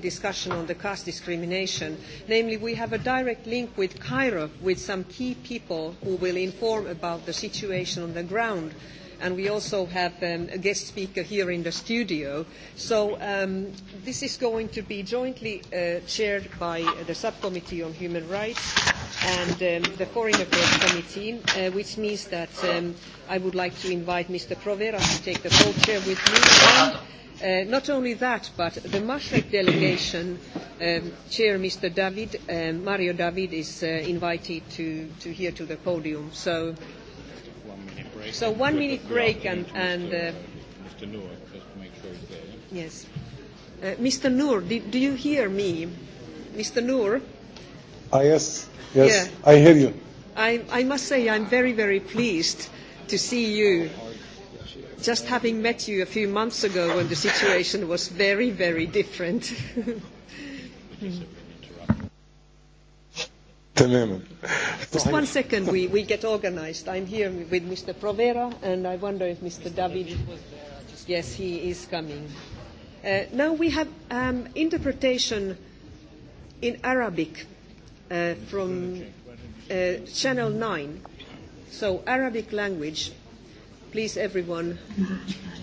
discussion on the caste discrimination. Namely, we have a direct link with Cairo with some key people who will inform about the situation on the ground and we also have um, a guest speaker here in the studio. So um, this is going to be jointly uh, chaired by the Subcommittee on Human Rights and um, the Foreign Affairs Committee, uh, which means that um, I would like to invite Mr. Provera to take the co-chair with me. And, uh, not only that, but the Mashrek delegation um, chair, Mr. David, um, Mario David, is uh, invited to, to here to the podium. So So one minute break and... and uh, Mr. Noor, just to make sure he's there. Yes. Uh, Mr. Noor, do, do you hear me? Mr. Noor? Ah, yes, yes, yeah. I hear you. I, I must say I'm very, very pleased to see you. Just having met you a few months ago when the situation was very, very different. mm. تماما Just one second, we, we get organized. I'm here with Mr. Provera, and I wonder if Mr. David... Yes, he is coming. Uh, now we have um, interpretation in Arabic uh, from uh, Channel 9. So Arabic language, please everyone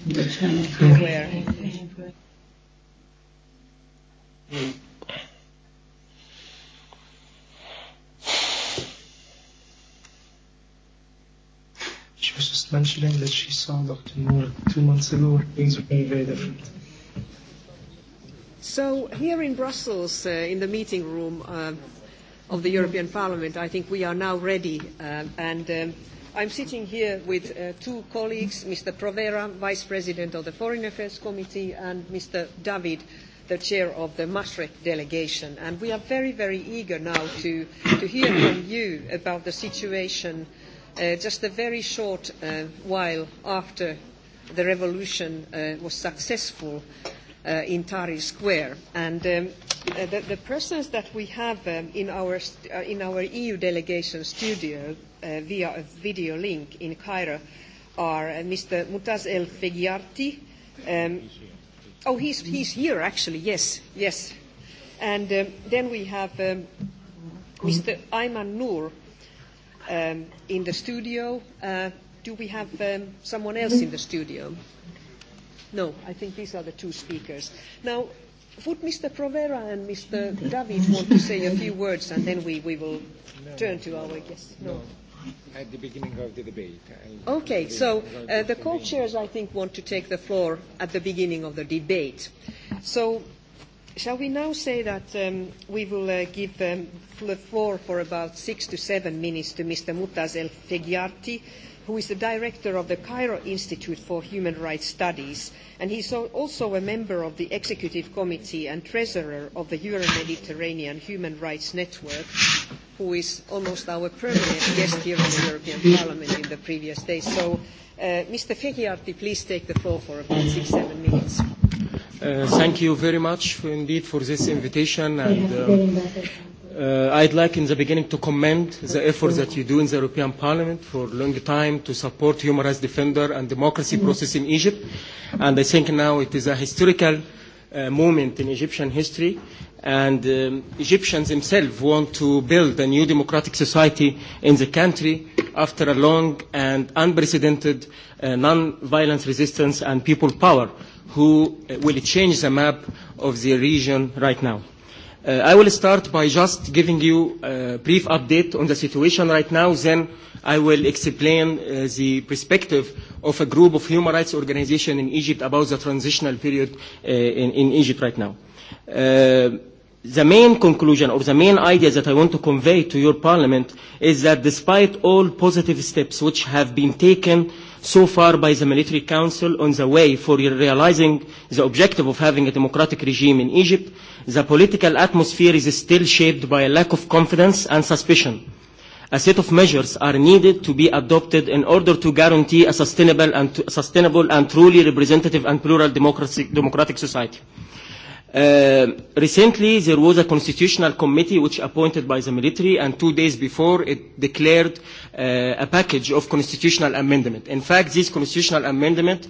beware. Mm-hmm. She was just mentioning that she saw Dr. Moore two months ago things were very, very different. So here in Brussels, uh, in the meeting room uh, of the European Parliament, I think we are now ready. Uh, and um, I'm sitting here with uh, two colleagues, Mr. Provera, Vice President of the Foreign Affairs Committee, and Mr. David, the chair of the Masrek delegation. And we are very, very eager now to, to hear from you about the situation uh, Uh, just a very short uh, while after the revolution uh, was successful uh, in Tahrir Square. And um, uh, the, the, presence that we have um, in, our uh, in our EU delegation studio uh, via a video link in Cairo are uh, Mr. Mutaz El Fegiarti. Um, oh, he's, he's here actually, yes, yes. And um, then we have um, Mr. Ayman Noor um, in the studio. Uh, do we have um, someone else in the studio? No, I think these are the two speakers. Now, would Mr. Provera and Mr. David want to say a few words and then we, we will no, turn to our guests? No. no. At the beginning of the debate. I'll okay, so uh, the co-chairs, I think, want to take the floor at the beginning of the debate. So Shall we now say that um, we will uh, give um, the floor for about six to seven minutes to Mr. Mutaz El Fegiarti, who is the director of the Cairo Institute for Human Rights Studies, and he's also a member of the Executive Committee and treasurer of the Euro-Mediterranean Human Rights Network, who is almost our permanent guest here in the European Parliament in the previous days. So, uh, Mr. Fegiarti, please take the floor for about six, seven minutes. Uh, thank you very much indeed for this invitation. And, uh, uh, I'd like in the beginning to commend the efforts that you do in the European Parliament for a long time to support human rights defender and democracy mm-hmm. process in Egypt. And I think now it is a historical uh, moment in Egyptian history. And um, Egyptians themselves want to build a new democratic society in the country after a long and unprecedented uh, non-violence resistance and people power who uh, will change the map of the region right now. Uh, I will start by just giving you a brief update on the situation right now, then I will explain uh, the perspective of a group of human rights organizations in Egypt about the transitional period uh, in, in Egypt right now. Uh, the main conclusion or the main idea that I want to convey to your parliament is that despite all positive steps which have been taken so far by the military council on the way for realizing the objective of having a democratic regime in Egypt, the political atmosphere is still shaped by a lack of confidence and suspicion. A set of measures are needed to be adopted in order to guarantee a sustainable and, sustainable and truly representative and plural democracy, democratic society. Uh, recently, there was a constitutional committee which appointed by the military, and two days before, it declared uh, a package of constitutional amendment. In fact, this constitutional amendment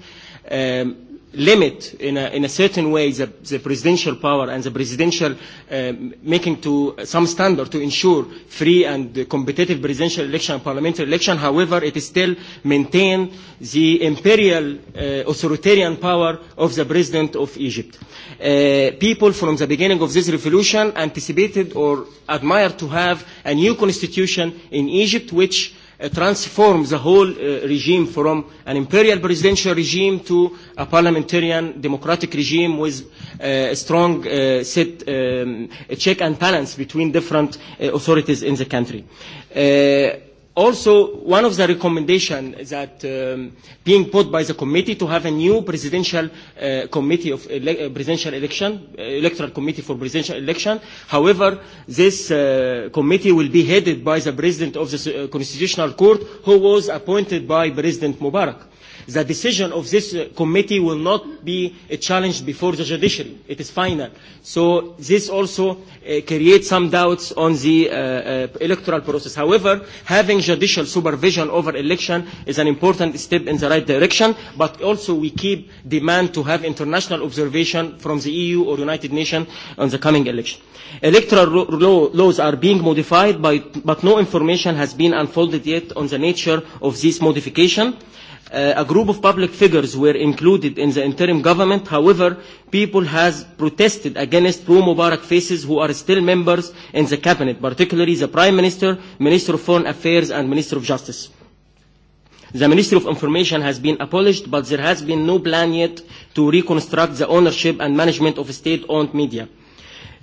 um, limit in a, in a certain way the, the presidential power and the presidential uh, making to uh, some standard to ensure free and competitive presidential election and parliamentary election. However, it is still maintain the imperial uh, authoritarian power of the president of Egypt. Uh, people from the beginning of this revolution anticipated or admired to have a new constitution in Egypt which Uh, transform the whole uh, regime from an imperial presidential regime to a parliamentarian democratic regime with uh, a strong uh, set um, a check and balance between different uh, authorities in the country. Uh, also one of the recommendations that um, being put by the committee to have a new presidential uh, committee of ele uh, presidential election, uh, electoral committee for presidential election. However, this uh, committee will be headed by the president of the uh, constitutional court who was appointed by President Mubarak. The decision of this uh, committee will not be uh, challenged before the judiciary. It is final. So this also uh, creates some doubts on the uh, uh, electoral process. However, having judicial supervision over election is an important step in the right direction, but also we keep demand to have international observation from the EU or United Nations on the coming election. Electoral laws are being modified, by, but no information has been unfolded yet on the nature of this modification. Uh, a group of public figures were included in the interim government. However, people has protested against pro-Mubarak faces who are still members in the cabinet, particularly the Prime Minister, Minister of Foreign Affairs, and Minister of Justice. The Ministry of Information has been abolished, but there has been no plan yet to reconstruct the ownership and management of state-owned media.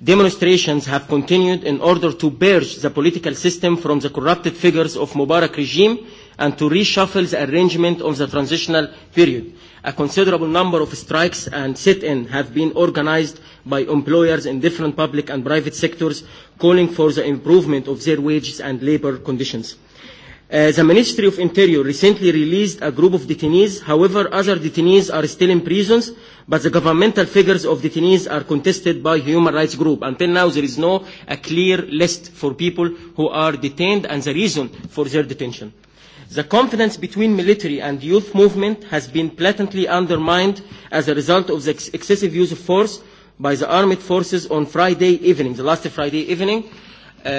Demonstrations have continued in order to purge the political system from the corrupted figures of Mubarak regime and to reshuffle the arrangement of the transitional period. A considerable number of strikes and sit-in have been organized by employers in different public and private sectors calling for the improvement of their wages and labor conditions. Uh, the Ministry of Interior recently released a group of detainees. However, other detainees are still in prisons, but the governmental figures of detainees are contested by human rights group. Until now, there is no a clear list for people who are detained and the reason for their detention. The confidence between military and youth movement has been blatantly undermined as a result of the ex excessive use of force by the armed forces on Friday evening, the last Friday evening, uh,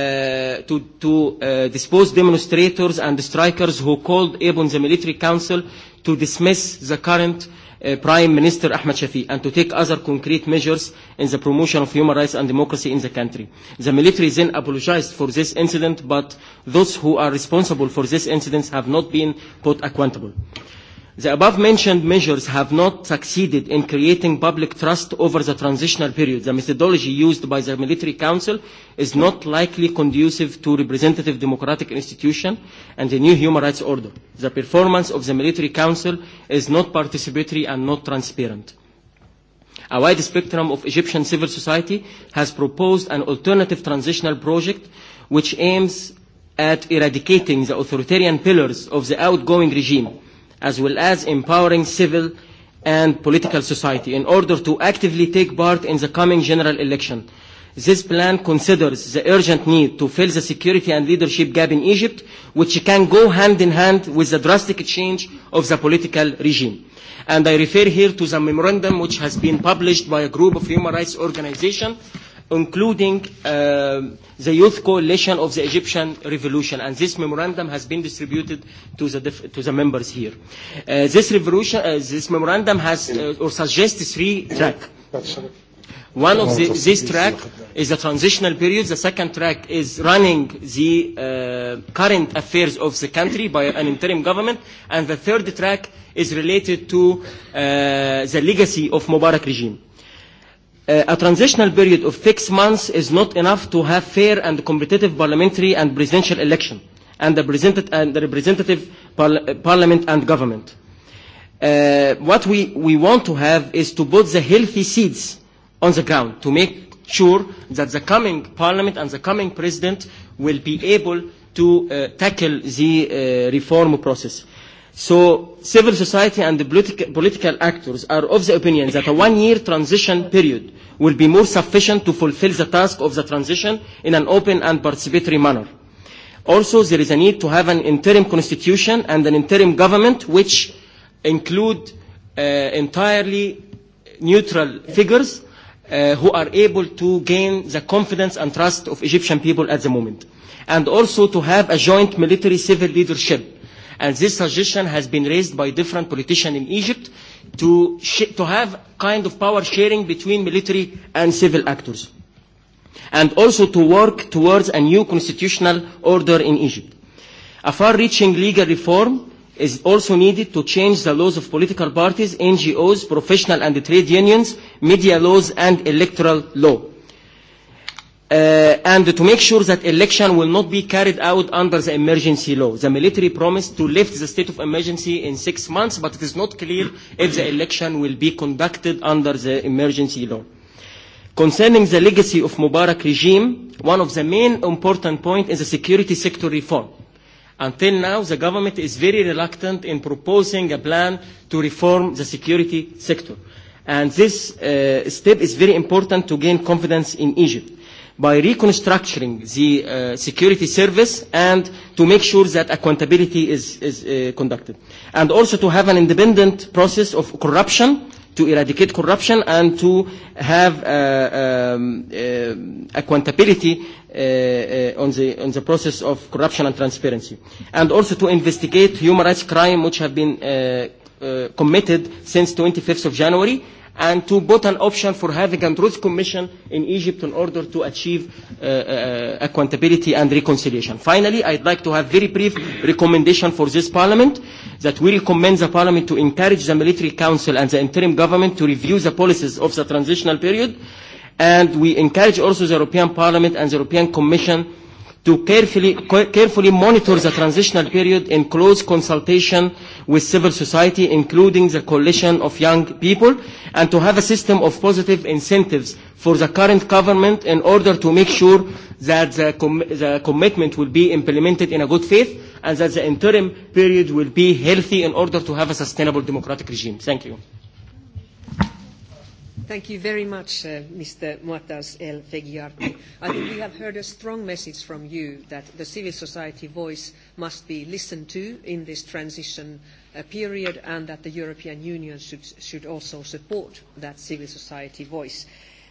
to, to uh, dispose demonstrators and strikers who called upon the military council to dismiss the current Uh, Prime Minister Ahmed Shafi and to take other concrete measures in the promotion of human rights and democracy in the country. The military then apologized for this incident, but those who are responsible for this incident have not been put accountable. The above mentioned measures have not succeeded in creating public trust over the transitional period. The methodology used by the military council is not likely conducive to representative democratic institution and the new human rights order. The performance of the military council is not participatory and not transparent. A wide spectrum of Egyptian civil society has proposed an alternative transitional project which aims at eradicating the authoritarian pillars of the outgoing regime as well as empowering civil and political society in order to actively take part in the coming general election. This plan considers the urgent need to fill the security and leadership gap in Egypt, which can go hand in hand with the drastic change of the political regime. And I refer here to the memorandum which has been published by a group of human rights organizations including uh, the youth coalition of the Egyptian revolution. And this memorandum has been distributed to the, def to the members here. Uh, this, revolution, uh, this memorandum has uh, or suggests three tracks. One of the, this track is the transitional period. The second track is running the uh, current affairs of the country by an interim government. And the third track is related to uh, the legacy of Mubarak regime. Uh, a transitional period of six months is not enough to have fair and competitive parliamentary and presidential election and the, presented, and the representative par uh, parliament and government. Uh, what we, we want to have is to put the healthy seeds on the ground to make sure that the coming parliament and the coming president will be able to uh, tackle the uh, reform process. So civil society and the politica political actors are of the opinion that a one-year transition period will be more sufficient to fulfill the task of the transition in an open and participatory manner. Also, there is a need to have an interim constitution and an interim government which include uh, entirely neutral figures uh, who are able to gain the confidence and trust of Egyptian people at the moment. And also to have a joint military-civil leadership And this suggestion has been raised by different politicians in Egypt to, sh- to have kind of power sharing between military and civil actors. And also to work towards a new constitutional order in Egypt. A far-reaching legal reform is also needed to change the laws of political parties, NGOs, professional and trade unions, media laws and electoral law uh, and to make sure that election will not be carried out under the emergency law. The military promised to lift the state of emergency in six months, but it is not clear if the election will be conducted under the emergency law. Concerning the legacy of Mubarak regime, one of the main important points is the security sector reform. Until now, the government is very reluctant in proposing a plan to reform the security sector. And this uh, step is very important to gain confidence in Egypt by reconstructing the uh, security service and to make sure that accountability is, is uh, conducted. And also to have an independent process of corruption, to eradicate corruption and to have uh, um, uh, accountability uh, uh, on, the, on the process of corruption and transparency. And also to investigate human rights crime which have been uh, uh, committed since 25th of January and to put an option for having a truth commission in Egypt in order to achieve uh, uh, accountability and reconciliation. Finally, I'd like to have very brief recommendation for this parliament that we recommend the parliament to encourage the military council and the interim government to review the policies of the transitional period and we encourage also the European Parliament and the European Commission to carefully, carefully monitor the transitional period in close consultation with civil society, including the coalition of young people, and to have a system of positive incentives for the current government in order to make sure that the, com the commitment will be implemented in a good faith and that the interim period will be healthy in order to have a sustainable democratic regime. Thank you. Thank you very much, uh, Mr. Muattas El Fegiarti. I think we have heard a strong message from you that the civil society voice must be listened to in this transition uh, period and that the European Union should, should also support that civil society voice.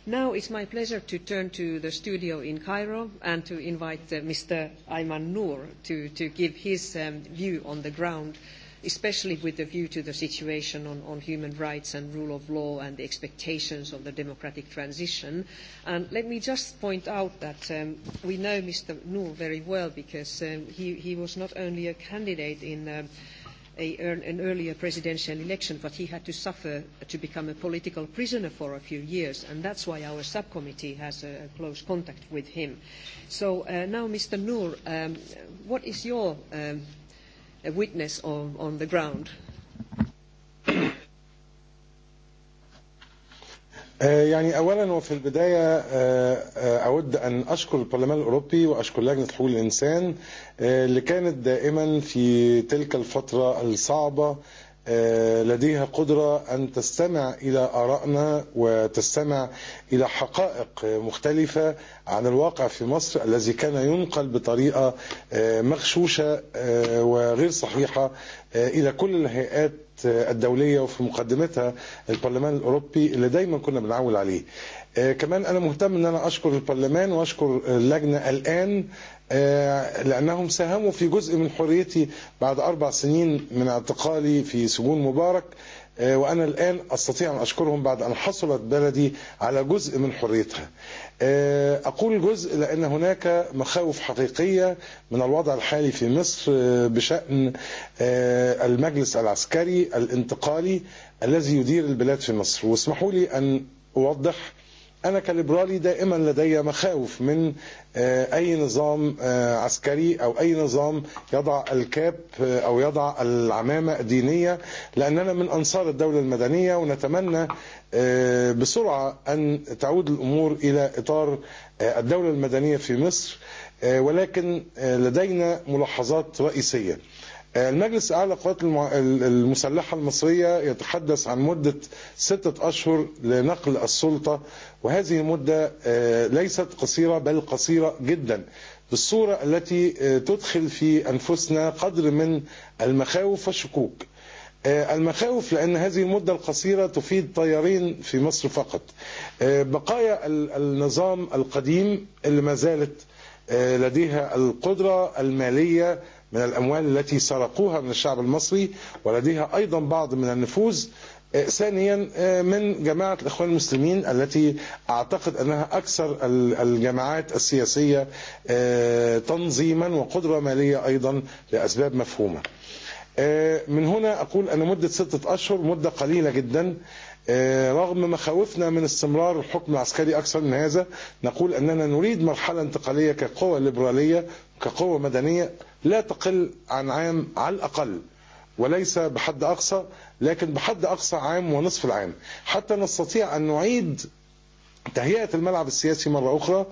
Now it's my pleasure to turn to the studio in Cairo and to invite uh, Mr. Ayman Noor to, to give his um, view on the ground especially with a view to the situation on, on human rights and rule of law and the expectations of the democratic transition. And let me just point out that um, we know Mr. Noor very well because um, he, he was not only a candidate in um, a, an earlier presidential election, but he had to suffer to become a political prisoner for a few years, and that's why our subcommittee has a, a close contact with him. So uh, now, Mr. Noor, um, what is your um, a witness on, on the ground? يعني اولا وفي البدايه اود ان اشكر البرلمان الاوروبي واشكر لجنه حقوق الانسان اللي كانت دائما في تلك الفتره الصعبه لديها قدرة أن تستمع إلى آرائنا وتستمع إلى حقائق مختلفة عن الواقع في مصر الذي كان ينقل بطريقة مغشوشة وغير صحيحة إلى كل الهيئات الدولية وفي مقدمتها البرلمان الأوروبي اللي دايما كنا بنعول عليه كمان أنا مهتم أن أنا أشكر البرلمان وأشكر اللجنة الآن لأنهم ساهموا في جزء من حريتي بعد أربع سنين من اعتقالي في سجون مبارك وأنا الآن أستطيع أن أشكرهم بعد أن حصلت بلدي على جزء من حريتها أقول جزء لأن هناك مخاوف حقيقية من الوضع الحالي في مصر بشأن المجلس العسكري الانتقالي الذي يدير البلاد في مصر واسمحوا لي أن أوضح أنا كليبرالي دائما لدي مخاوف من أي نظام عسكري أو أي نظام يضع الكاب أو يضع العمامة الدينية لأننا من أنصار الدولة المدنية ونتمنى بسرعة أن تعود الأمور إلى إطار الدولة المدنية في مصر ولكن لدينا ملاحظات رئيسيه المجلس الأعلى للقوات المسلحة المصرية يتحدث عن مدة ستة أشهر لنقل السلطة وهذه المدة ليست قصيرة بل قصيرة جدا بالصورة التي تدخل في أنفسنا قدر من المخاوف والشكوك المخاوف لأن هذه المدة القصيرة تفيد طيارين في مصر فقط بقايا النظام القديم اللي ما زالت لديها القدرة المالية من الأموال التي سرقوها من الشعب المصري ولديها أيضا بعض من النفوذ ثانيا من جماعة الإخوان المسلمين التي أعتقد أنها أكثر الجماعات السياسية تنظيما وقدرة مالية أيضا لأسباب مفهومة من هنا أقول أن مدة ستة أشهر مدة قليلة جدا رغم مخاوفنا من استمرار الحكم العسكري أكثر من هذا نقول أننا نريد مرحلة انتقالية كقوة ليبرالية كقوة مدنية لا تقل عن عام على الأقل وليس بحد أقصى لكن بحد أقصى عام ونصف العام حتى نستطيع أن نعيد تهيئة الملعب السياسي مرة أخرى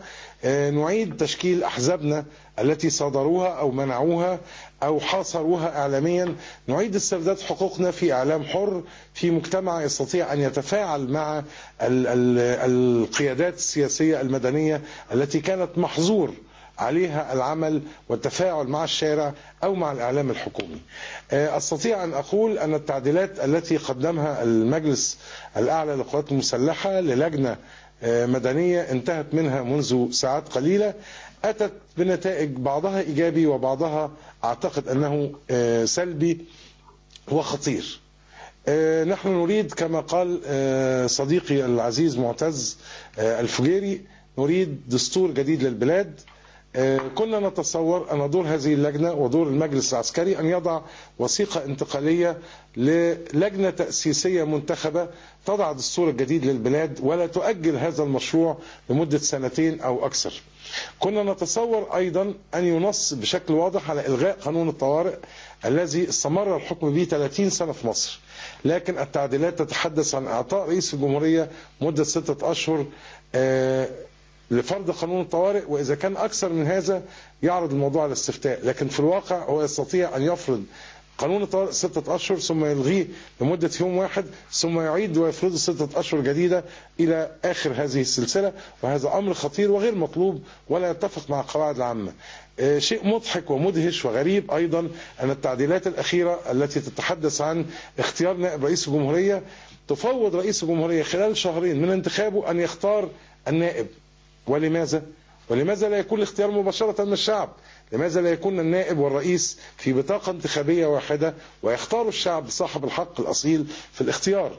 نعيد تشكيل أحزابنا التي صادروها أو منعوها أو حاصروها إعلاميا نعيد استرداد حقوقنا في إعلام حر في مجتمع يستطيع أن يتفاعل مع القيادات السياسية المدنية التي كانت محظور عليها العمل والتفاعل مع الشارع أو مع الإعلام الحكومي أستطيع أن أقول أن التعديلات التي قدمها المجلس الأعلى للقوات المسلحة للجنة مدنية انتهت منها منذ ساعات قليلة أتت بنتائج بعضها إيجابي وبعضها أعتقد أنه سلبي وخطير نحن نريد كما قال صديقي العزيز معتز الفجيري نريد دستور جديد للبلاد كنا نتصور أن دور هذه اللجنة ودور المجلس العسكري أن يضع وثيقة انتقالية للجنة تأسيسية منتخبة تضع دستور الجديد للبلاد ولا تؤجل هذا المشروع لمدة سنتين أو أكثر كنا نتصور أيضا أن ينص بشكل واضح على إلغاء قانون الطوارئ الذي استمر الحكم به 30 سنة في مصر لكن التعديلات تتحدث عن إعطاء رئيس الجمهورية مدة ستة أشهر لفرض قانون الطوارئ وإذا كان أكثر من هذا يعرض الموضوع على استفتاء لكن في الواقع هو يستطيع أن يفرض قانون الطوارئ ستة أشهر ثم يلغيه لمدة يوم واحد ثم يعيد ويفرض ستة أشهر جديدة إلى آخر هذه السلسلة وهذا أمر خطير وغير مطلوب ولا يتفق مع القواعد العامة شيء مضحك ومدهش وغريب أيضا أن التعديلات الأخيرة التي تتحدث عن اختيار نائب رئيس الجمهورية تفوض رئيس الجمهورية خلال شهرين من انتخابه أن يختار النائب ولماذا؟ ولماذا لا يكون الاختيار مباشرة من الشعب؟ لماذا لا يكون النائب والرئيس في بطاقة انتخابية واحدة ويختار الشعب صاحب الحق الأصيل في الاختيار؟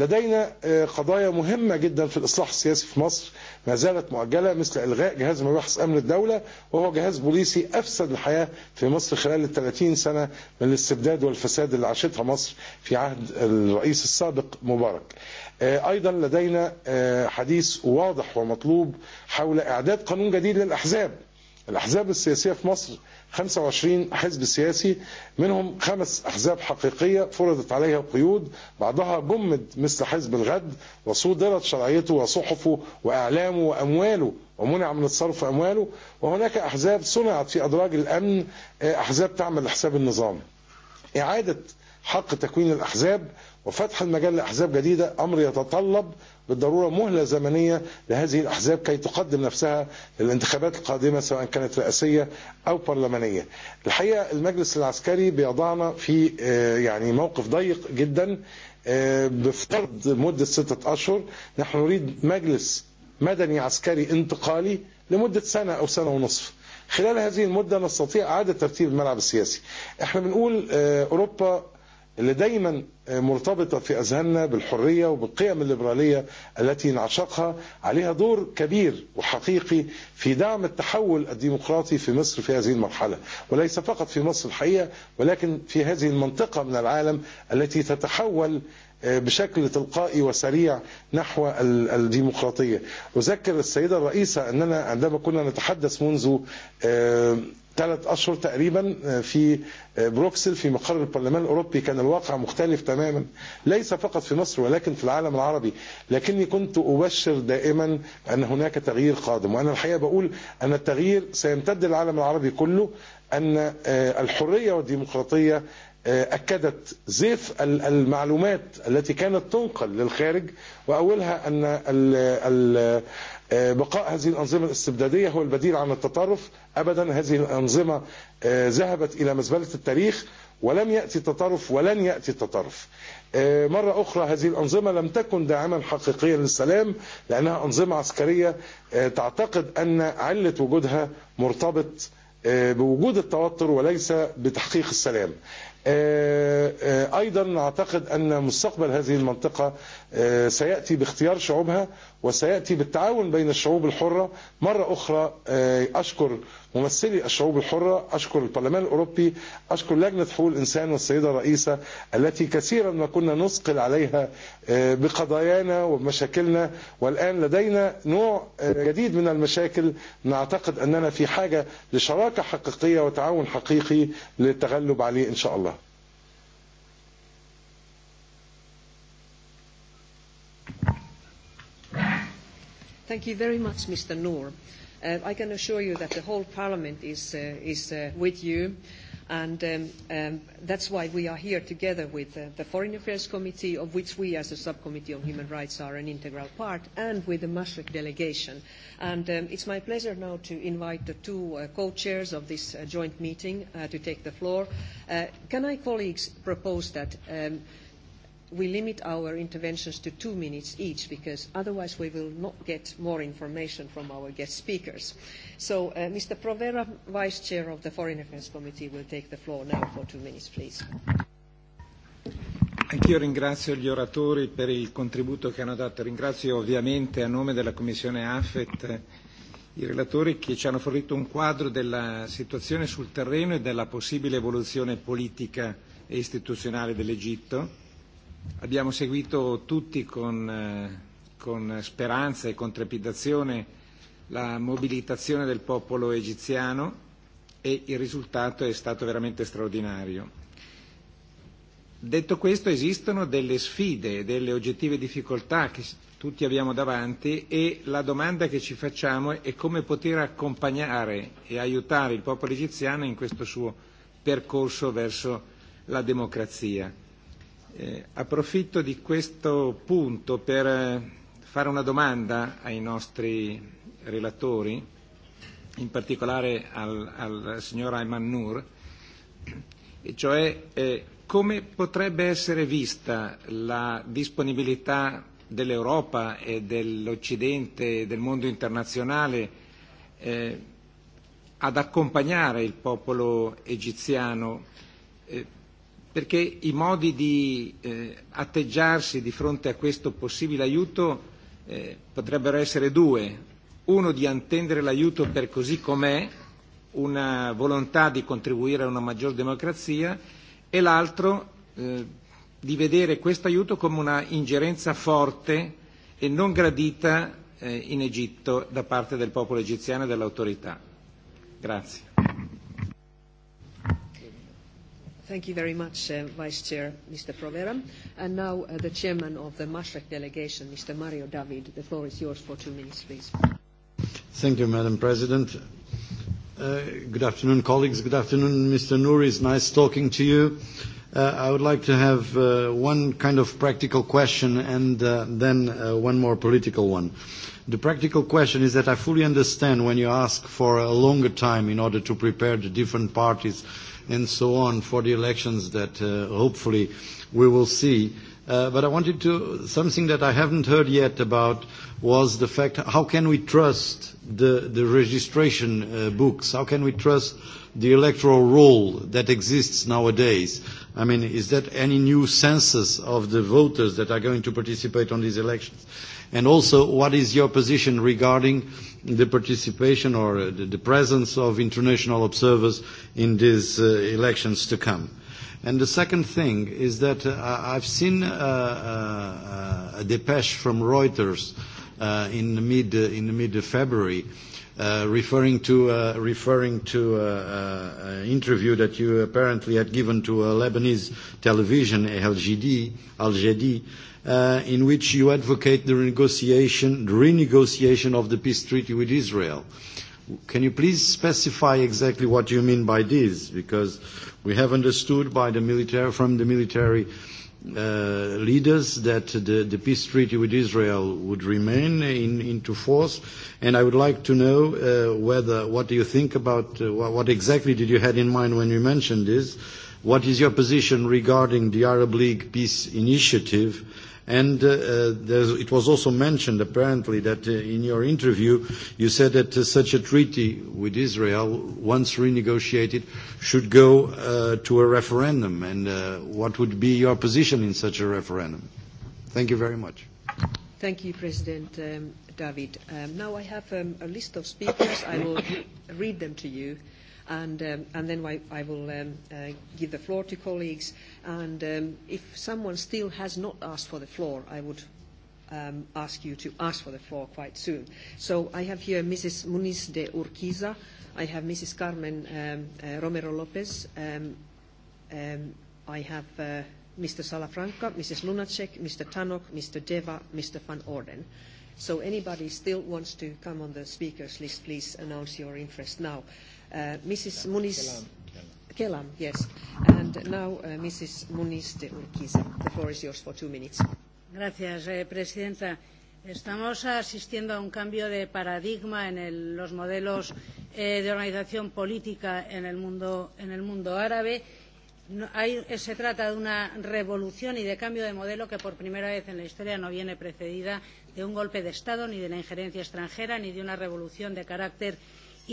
لدينا قضايا مهمة جدا في الإصلاح السياسي في مصر ما زالت مؤجلة مثل إلغاء جهاز مباحث أمن الدولة وهو جهاز بوليسي أفسد الحياة في مصر خلال الثلاثين سنة من الاستبداد والفساد اللي عاشتها مصر في عهد الرئيس السابق مبارك. أيضا لدينا حديث واضح ومطلوب حول إعداد قانون جديد للأحزاب. الأحزاب السياسية في مصر 25 حزب سياسي منهم خمس أحزاب حقيقية فرضت عليها قيود بعضها جمد مثل حزب الغد وصدرت شرعيته وصحفه وإعلامه وأمواله ومنع من الصرف أمواله وهناك أحزاب صنعت في أدراج الأمن أحزاب تعمل لحساب النظام إعادة حق تكوين الأحزاب وفتح المجال لأحزاب جديدة أمر يتطلب بالضرورة مهلة زمنية لهذه الأحزاب كي تقدم نفسها للانتخابات القادمة سواء كانت رئاسية أو برلمانية الحقيقة المجلس العسكري بيضعنا في يعني موقف ضيق جدا بفترض مدة ستة أشهر نحن نريد مجلس مدني عسكري انتقالي لمدة سنة أو سنة ونصف خلال هذه المدة نستطيع إعادة ترتيب الملعب السياسي احنا بنقول أوروبا اللي دايما مرتبطة في أذهاننا بالحرية وبالقيم الليبرالية التي نعشقها عليها دور كبير وحقيقي في دعم التحول الديمقراطي في مصر في هذه المرحلة وليس فقط في مصر الحقيقة ولكن في هذه المنطقة من العالم التي تتحول بشكل تلقائي وسريع نحو الديمقراطية أذكر السيدة الرئيسة أننا عندما كنا نتحدث منذ ثلاث أشهر تقريبا في بروكسل في مقر البرلمان الأوروبي كان الواقع مختلف تماما ليس فقط في مصر ولكن في العالم العربي لكني كنت أبشر دائما أن هناك تغيير قادم وأنا الحقيقة بقول أن التغيير سيمتد للعالم العربي كله أن الحرية والديمقراطية أكدت زيف المعلومات التي كانت تنقل للخارج وأولها أن بقاء هذه الأنظمة الاستبدادية هو البديل عن التطرف أبدا هذه الأنظمة ذهبت إلى مزبلة التاريخ ولم يأتي التطرف ولن يأتي التطرف مرة أخرى هذه الأنظمة لم تكن داعما حقيقيا للسلام لأنها أنظمة عسكرية تعتقد أن علة وجودها مرتبط بوجود التوتر وليس بتحقيق السلام أيضا نعتقد أن مستقبل هذه المنطقة سيأتي باختيار شعوبها وسيأتي بالتعاون بين الشعوب الحرة مرة أخرى أشكر ممثلي الشعوب الحرة أشكر البرلمان الأوروبي أشكر لجنة حقوق الإنسان والسيدة الرئيسة التي كثيرا ما كنا نثقل عليها بقضايانا وبمشاكلنا والآن لدينا نوع جديد من المشاكل نعتقد أننا في حاجة لشراكة حقيقية وتعاون حقيقي للتغلب عليه إن شاء الله Thank you very much, Mr. Noor. Uh, I can assure you that the whole Parliament is, uh, is uh, with you, and um, um, that's why we are here together with uh, the Foreign Affairs Committee, of which we as a Subcommittee on Human Rights are an integral part, and with the Maastricht delegation. And um, it's my pleasure now to invite the two uh, co-chairs of this uh, joint meeting uh, to take the floor. Uh, can I, colleagues, propose that um, – we limit our interventions to two minutes each because otherwise we will not get more information from our guest speakers. So uh, Mr. Provera, Vice Chair of the Foreign Affairs Committee, will take the floor now for two minutes, please. Anch'io ringrazio gli oratori per il contributo che hanno dato. Ringrazio ovviamente a nome della Commissione AFET i relatori che ci hanno fornito un quadro della situazione sul terreno e della possibile evoluzione politica e istituzionale dell'Egitto Abbiamo seguito tutti con, eh, con speranza e con trepidazione la mobilitazione del popolo egiziano e il risultato è stato veramente straordinario. Detto questo, esistono delle sfide, delle oggettive difficoltà che tutti abbiamo davanti e la domanda che ci facciamo è come poter accompagnare e aiutare il popolo egiziano in questo suo percorso verso la democrazia. Eh, approfitto di questo punto per eh, fare una domanda ai nostri relatori, in particolare al, al signor Ayman Nur, e cioè eh, come potrebbe essere vista la disponibilità dell'Europa e dell'Occidente e del mondo internazionale eh, ad accompagnare il popolo egiziano eh, perché i modi di eh, atteggiarsi di fronte a questo possibile aiuto eh, potrebbero essere due. Uno di attendere l'aiuto per così com'è, una volontà di contribuire a una maggior democrazia, e l'altro eh, di vedere questo aiuto come una ingerenza forte e non gradita eh, in Egitto da parte del popolo egiziano e dell'autorità. Grazie. Thank you very much, uh, Vice Chair, Mr. Provera. And now uh, the Chairman of the Maastricht delegation, Mr. Mario David. The floor is yours for two minutes, please. Thank you, Madam President. Uh, good afternoon, colleagues. Good afternoon, Mr. Nouri. It's nice talking to you. Uh, I would like to have uh, one kind of practical question and uh, then uh, one more political one. The practical question is that I fully understand when you ask for a longer time in order to prepare the different parties and so on for the elections that uh, hopefully we will see. Uh, but I wanted to, something that I haven't heard yet about was the fact how can we trust the, the registration uh, books? How can we trust the electoral roll that exists nowadays? I mean, is that any new census of the voters that are going to participate on these elections? And also, what is your position regarding uh, the participation or uh, the presence of international observers in these uh, elections to come. And the second thing is that uh, I've seen uh, uh, a depeche from Reuters uh, in the mid uh, in the mid of February. Uh, referring to uh, referring to uh, uh, an interview that you apparently had given to a Lebanese television, Al Jadid, Al Jadid, uh, in which you advocate the renegotiation, renegotiation of the peace treaty with Israel. Can you please specify exactly what you mean by this? Because we have understood by the military, from the military uh, leaders that the, the peace treaty with Israel would remain in, into force, and I would like to know uh, whether what do you think about uh, what exactly did you had in mind when you mentioned this, What is your position regarding the Arab League peace initiative? And uh, uh it was also mentioned, apparently, that uh, in your interview, you said that uh, such a treaty with Israel, once renegotiated, should go uh, to a referendum. And uh, what would be your position in such a referendum? Thank you very much. Thank you, President um, David. Um, now I have um, a list of speakers. I will read them to you and, um, and then I, I will um, uh, give the floor to colleagues. And um, if someone still has not asked for the floor, I would um, ask you to ask for the floor quite soon. So I have here Mrs. Muniz de Urquiza. I have Mrs. Carmen um, uh, Romero Lopez. Um, um, I have uh, Mr. Salafranca, Mrs. Lunacek, Mr. Tanok, Mr. Deva, Mr. Van Orden. So anybody still wants to come on the speakers list, please announce your interest now. Uh, Mrs. Uh, eh, Presidenta. Estamos asistiendo a un cambio de paradigma en los modelos eh, de organización política en el mundo, árabe. No, eh, se trata de una revolución y de un cambio de modelo que por primera vez en la historia no viene precedida de un golpe de Estado, ni de la injerencia extranjera, ni de una revolución de carácter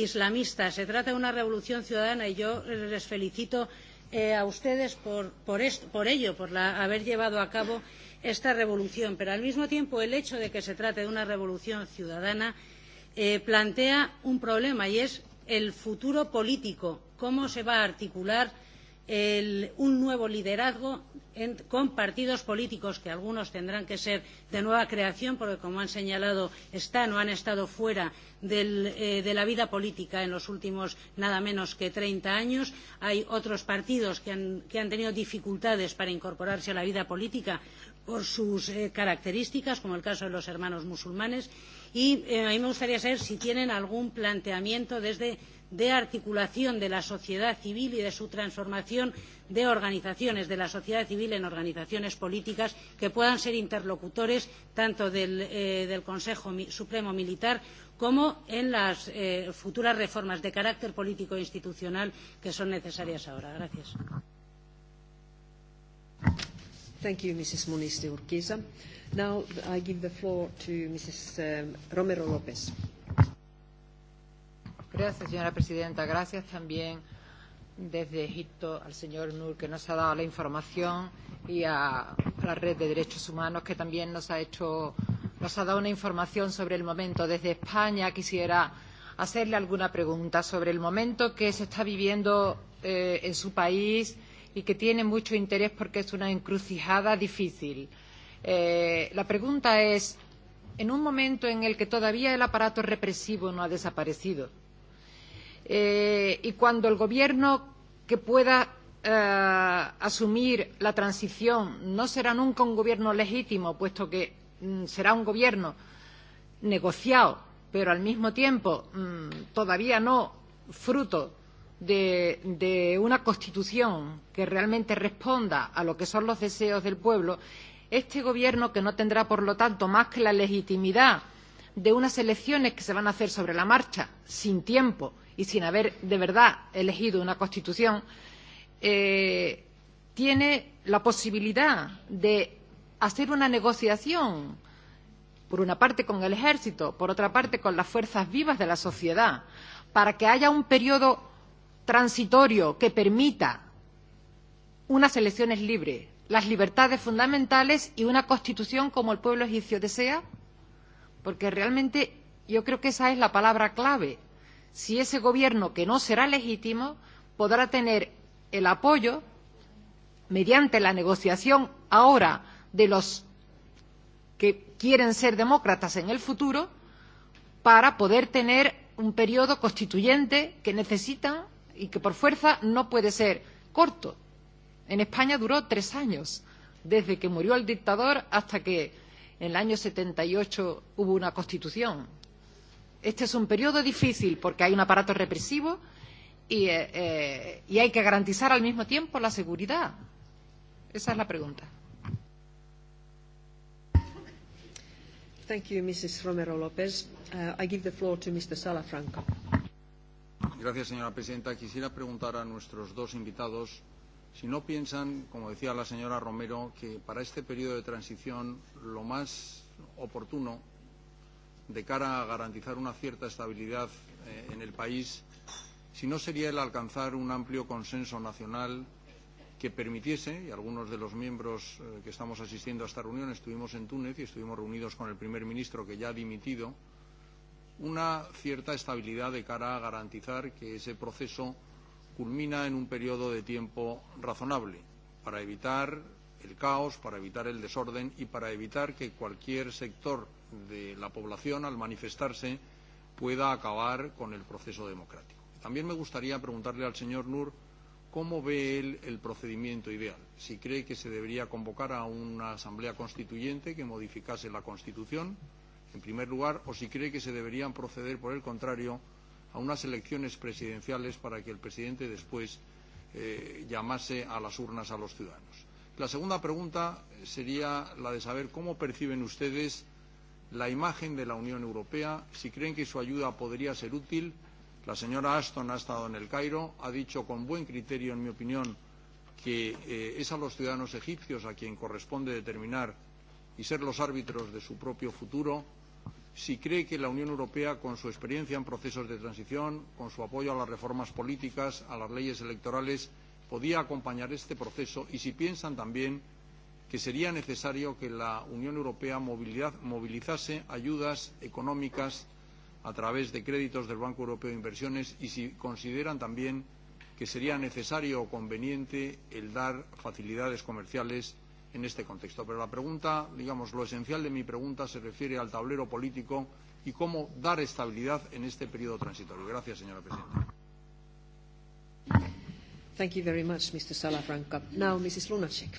islamista. Se trata de una revolución ciudadana y yo les felicito eh, a ustedes por, por, esto, por ello, por la, haber llevado a cabo esta revolución. Pero al mismo tiempo el hecho de que se trate de una revolución ciudadana eh, plantea un problema y es el futuro político. ¿Cómo se va a articular? el, un nuevo liderazgo en, con partidos políticos que algunos tendrán que ser de nueva creación porque, como han señalado, están o han estado fuera del, eh, de la vida política en los últimos nada menos que 30 años. Hay otros partidos que han, que han tenido dificultades para incorporarse a la vida política por sus eh, características, como el caso de los hermanos musulmanes Y eh, a mí me gustaría saber si tienen algún planteamiento desde de articulación de la sociedad civil y de su transformación de organizaciones de la sociedad civil en organizaciones políticas que puedan ser interlocutores tanto del, eh, del Consejo Supremo Militar como en las eh, futuras reformas de carácter político e institucional que son necesarias ahora. Gracias. Thank you, Mrs. Moniz de Urquiza. Now I give the floor to Mrs. Um, Romero López. Gracias, señora presidenta. Gracias también desde Egipto al señor Nur, que nos ha dado la información, y a, la Red de Derechos Humanos, que también nos ha, hecho, nos ha dado una información sobre el momento. Desde España quisiera hacerle alguna pregunta sobre el momento que se está viviendo eh, en su país y que tiene mucho interés porque es una encrucijada difícil. Eh, Eh, la pregunta es, en un momento en el que todavía el aparato represivo no ha desaparecido eh, y cuando el gobierno que pueda eh, asumir la transición no será nunca un gobierno legítimo, puesto que mm, será un gobierno negociado, pero al mismo tiempo mm, todavía no fruto de, de una constitución que realmente responda a lo que son los deseos del pueblo, Este gobierno, que no tendrá, por lo tanto, más que la legitimidad de unas elecciones que se van a hacer sobre la marcha, sin tiempo y sin haber de verdad elegido una constitución, eh, tiene la posibilidad de hacer una negociación, por una parte con el ejército, por otra parte con las fuerzas vivas de la sociedad, para que haya un periodo transitorio que permita unas elecciones libres, las libertades fundamentales y una constitución como el pueblo egipcio desea? Porque realmente yo creo que esa es la palabra clave. Si ese gobierno, que no será legítimo, podrá tener el apoyo mediante la negociación ahora de los que quieren ser demócratas en el futuro para poder tener un periodo constituyente que necesitan y que por fuerza no puede ser corto En España duró tres años, desde que murió el dictador hasta que en el año 78 hubo una constitución. Este es un periodo difícil porque hay un aparato represivo y, eh, eh, y hay que garantizar al mismo tiempo la seguridad. Esa es la pregunta. Thank you, Mrs. Romero López. Uh, I give the floor to Mr. Salafranca. Gracias, señora presidenta. Quisiera preguntar a nuestros dos invitados si no piensan, como decía la señora Romero, que para este periodo de transición lo más oportuno de cara a garantizar una cierta estabilidad eh, en el país, si no sería el alcanzar un amplio consenso nacional que permitiese, y algunos de los miembros eh, que estamos asistiendo a esta reunión estuvimos en Túnez y estuvimos reunidos con el primer ministro que ya ha dimitido, una cierta estabilidad de cara a garantizar que ese proceso culmina en un periodo de tiempo razonable para evitar el caos, para evitar el desorden y para evitar que cualquier sector de la población, al manifestarse, pueda acabar con el proceso democrático. También me gustaría preguntarle al señor Nur cómo ve él el procedimiento ideal, si cree que se debería convocar a una asamblea constituyente que modificase la Constitución, en primer lugar, o si cree que se deberían proceder, por el contrario, a unas elecciones presidenciales para que el presidente después eh, llamase a las urnas a los ciudadanos. La segunda pregunta sería la de saber cómo perciben ustedes la imagen de la Unión Europea, si creen que su ayuda podría ser útil. La señora Ashton ha estado en el Cairo, ha dicho con buen criterio, en mi opinión, que eh, es a los ciudadanos egipcios a quien corresponde determinar y ser los árbitros de su propio futuro si cree que la Unión Europea, con su experiencia en procesos de transición, con su apoyo a las reformas políticas, a las leyes electorales, podía acompañar este proceso y si piensan también que sería necesario que la Unión Europea movilizase ayudas económicas a través de créditos del Banco Europeo de Inversiones y si consideran también que sería necesario o conveniente el dar facilidades comerciales en este contexto. Pero la pregunta, digamos, lo esencial de mi pregunta se refiere al tablero político y cómo dar estabilidad en este periodo transitorio. Gracias, señora presidenta. Thank you very much, Mr. Salafranca. Now, Mrs. Lunacek.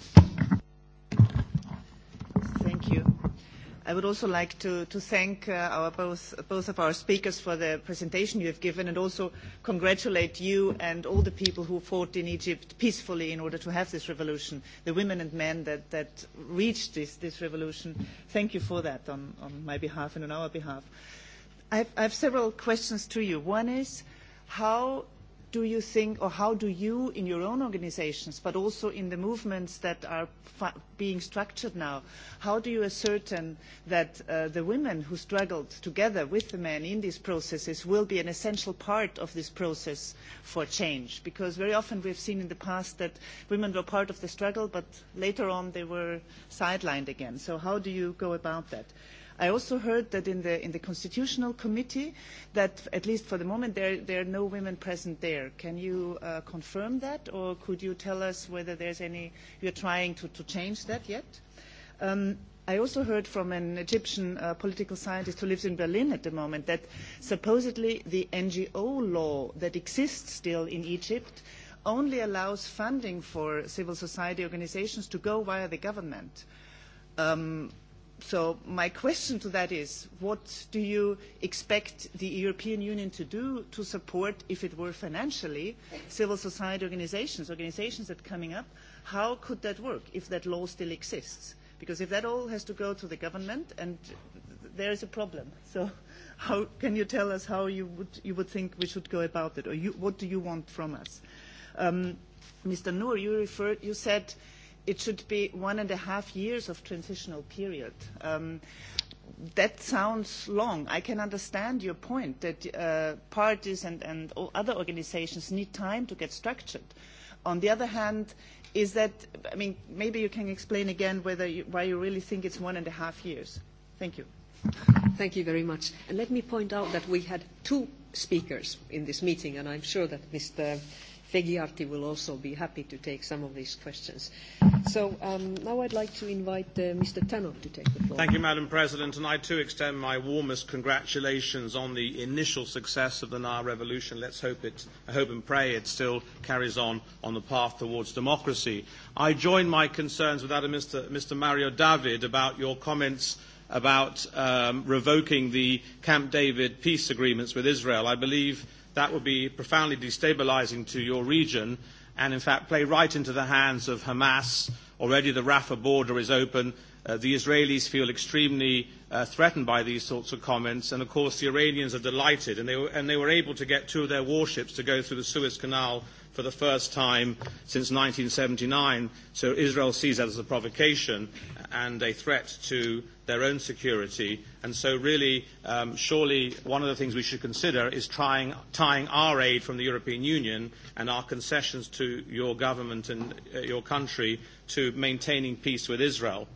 I would also like to, to thank uh, our both, both of our speakers for the presentation you have given and also congratulate you and all the people who fought in Egypt peacefully in order to have this revolution, the women and men that, that reached this, this revolution. Thank you for that on, on my behalf and on our behalf. I have, I have several questions to you. One is, how do you think, or how do you in your own organizations, but also in the movements that are being structured now, how do you ascertain that uh, the women who struggled together with the men in these processes will be an essential part of this process for change? Because very often we've seen in the past that women were part of the struggle, but later on they were sidelined again. So how do you go about that? I also heard that in the, in the Constitutional Committee, that at least for the moment, there, there are no women present there. Can you uh, confirm that, or could you tell us whether there's any, you're trying to, to change that yet? Um, I also heard from an Egyptian uh, political scientist who lives in Berlin at the moment that supposedly the NGO law that exists still in Egypt only allows funding for civil society organizations to go via the government. Um, So my question to that is, what do you expect the European Union to do to support, if it were financially, civil society organizations, organizations that are coming up? How could that work if that law still exists? Because if that all has to go to the government, and there is a problem. So how can you tell us how you would, you would think we should go about it? Or you, what do you want from us? Um, Mr. Noor, you, referred, you said it should be one and a half years of transitional period. Um, that sounds long. I can understand your point that uh, parties and, and other organizations need time to get structured. On the other hand, is that, I mean, maybe you can explain again whether you, why you really think it's one and a half years. Thank you. Thank you very much. And let me point out that we had two speakers in this meeting, and I'm sure that Mr. Fegiarti will also be happy to take some of these questions. So um, now I'd like to invite uh, Mr. Tannock to take the floor. Thank you, Madam President, and I too extend my warmest congratulations on the initial success of the Nile Revolution. Let's hope it, I hope and pray it still carries on on the path towards democracy. I join my concerns with that of Mr. Mr. Mario David about your comments about um, revoking the Camp David peace agreements with Israel. I believe that would be profoundly destabilizing to your region and, in fact, play right into the hands of Hamas. Already the Rafah border is open. Uh, the Israelis feel extremely uh, threatened by these sorts of comments. And, of course, the Iranians are delighted. And they, were, and they were able to get two of their warships to go through the Suez Canal for the first time since 1979. So Israel sees that as a provocation and a threat to their own security. And so really, um, surely one of the things we should consider is trying, tying our aid from the European Union and our concessions to your government and uh, your country to maintaining peace with Israel.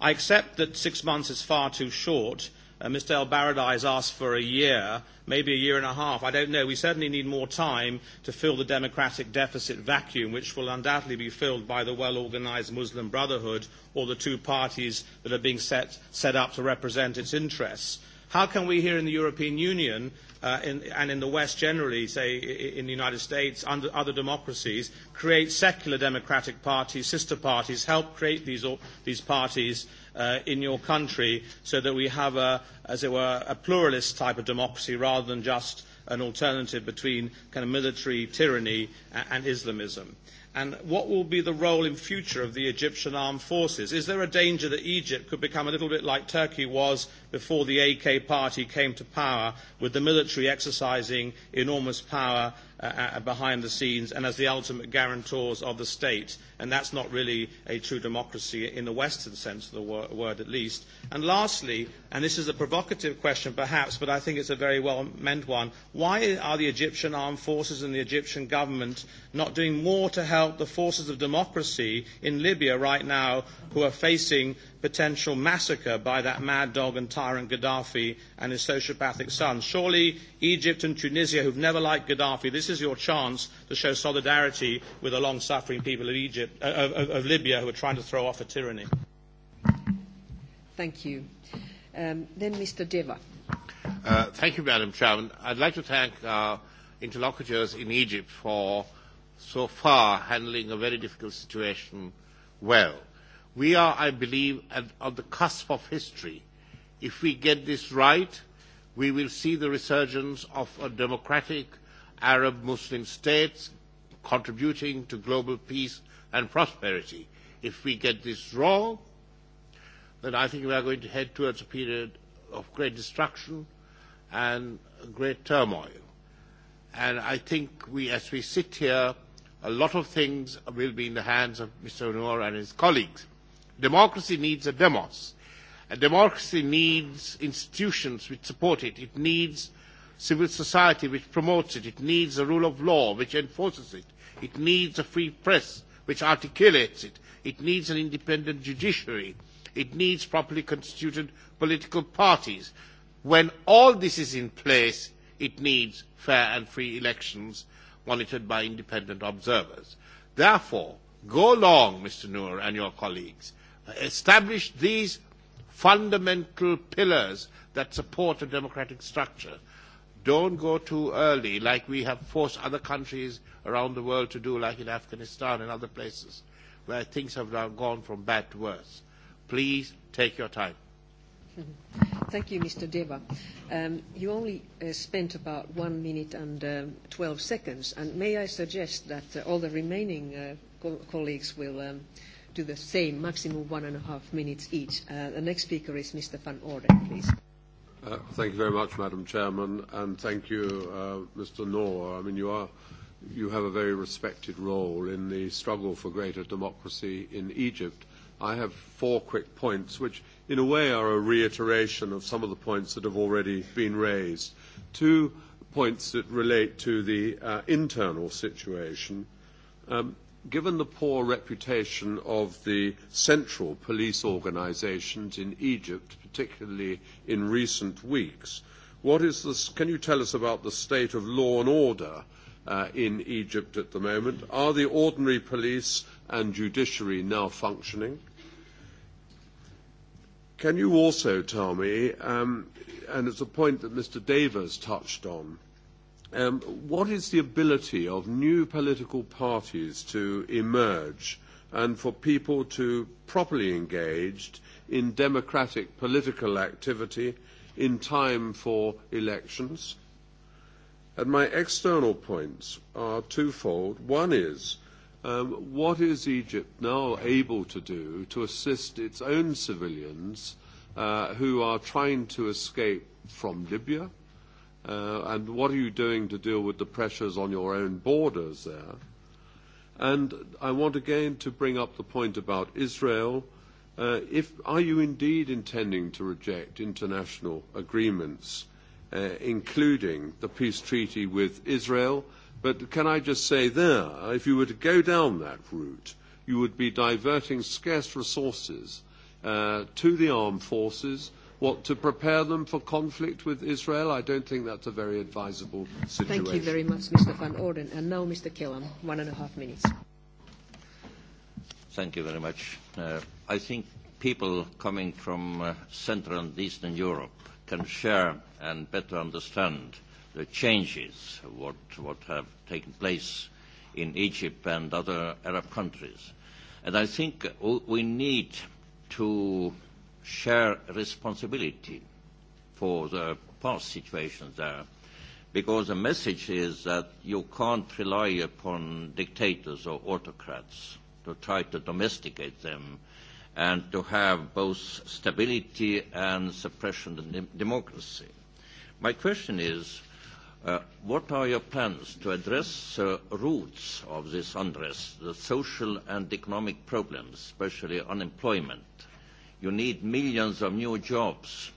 I accept that six months is far too short, Uh, Mr. El has asked for a year, maybe a year and a half. I don't know. We certainly need more time to fill the democratic deficit vacuum, which will undoubtedly be filled by the well organised Muslim Brotherhood or the two parties that are being set, set up to represent its interests. How can we here in the European Union Uh, in, and in the West generally, say in the United States, under other democracies, create secular democratic parties, sister parties, help create these, these parties uh, in your country so that we have, a, as it were, a pluralist type of democracy rather than just an alternative between kind of military tyranny and, and Islamism. And what will be the role in future of the Egyptian armed forces? Is there a danger that Egypt could become a little bit like Turkey was before the AK party came to power, with the military exercising enormous power Uh, uh, uh, behind the scenes and as the ultimate guarantors of the state. And that's not really a true democracy in the Western sense of the wor- word, at least. And lastly, and this is a provocative question perhaps, but I think it's a very well meant one why are the Egyptian armed forces and the Egyptian government not doing more to help the forces of democracy in Libya right now who are facing potential massacre by that mad dog and tyrant Gaddafi and his sociopathic son. Surely Egypt and Tunisia, who've never liked Gaddafi, this is your chance to show solidarity with the long-suffering people of, Egypt, uh, of, of Libya who are trying to throw off a tyranny. Thank you. Um, then Mr. Deva. Uh, thank you, Madam Chairman. I'd like to thank our uh, interlocutors in Egypt for so far handling a very difficult situation well. We are, I believe, at, on the cusp of history. If we get this right, we will see the resurgence of a democratic Arab Muslim states contributing to global peace and prosperity. If we get this wrong, then I think we are going to head towards a period of great destruction and great turmoil. And I think we, as we sit here, a lot of things will be in the hands of Mr. Noor and his colleagues. Democracy needs a demos. A democracy needs institutions which support it. It needs civil society which promotes it. It needs a rule of law which enforces it. It needs a free press which articulates it. It needs an independent judiciary. It needs properly constituted political parties. When all this is in place, it needs fair and free elections monitored by independent observers. Therefore, go along, Mr. Noor and your colleagues, establish these fundamental pillars that support a democratic structure. Don't go too early, like we have forced other countries around the world to do, like in Afghanistan and other places, where things have now gone from bad to worse. Please take your time. Thank you, Mr. Deva. Um, you only uh, spent about one minute and um, 12 seconds, and may I suggest that uh, all the remaining uh, co colleagues will um, uh, to the same, maximum one and a half minutes each. Uh, the next speaker is Mr. Van Orden, please. Uh, thank you very much, Madam Chairman, and thank you, uh, Mr. Knorr. I mean, you are you have a very respected role in the struggle for greater democracy in Egypt. I have four quick points, which in a way are a reiteration of some of the points that have already been raised. Two points that relate to the uh, internal situation. Um, given the poor reputation of the central police organisations in Egypt, particularly in recent weeks, what is this, can you tell us about the state of law and order uh, in Egypt at the moment? Are the ordinary police and judiciary now functioning? Can you also tell me, um, and it's a point that Mr. Davis touched on, um, what is the ability of new political parties to emerge and for people to properly engaged in democratic political activity in time for elections? And my external points are twofold. One is, um, what is Egypt now able to do to assist its own civilians uh, who are trying to escape from Libya? Uh, and what are you doing to deal with the pressures on your own borders there? And I want again to bring up the point about Israel. Uh, if, are you indeed intending to reject international agreements, uh, including the peace treaty with Israel? But can I just say there, if you were to go down that route, you would be diverting scarce resources uh, to the armed forces What, to prepare them for conflict with Israel? I don't think that's a very advisable situation. Thank you very much, Mr. Van Orden. And now Mr. Killam, one and a half minutes. Thank you very much. Uh, I think people coming from uh, Central and Eastern Europe can share and better understand the changes what, what have taken place in Egypt and other Arab countries. And I think we need to share responsibility for the past situation there because the message is that you can't rely upon dictators or autocrats to try to domesticate them and to have both stability and suppression and democracy. My question is, uh, what are your plans to address the uh, roots of this unrest, the social and economic problems, especially unemployment, You need millions of new jobs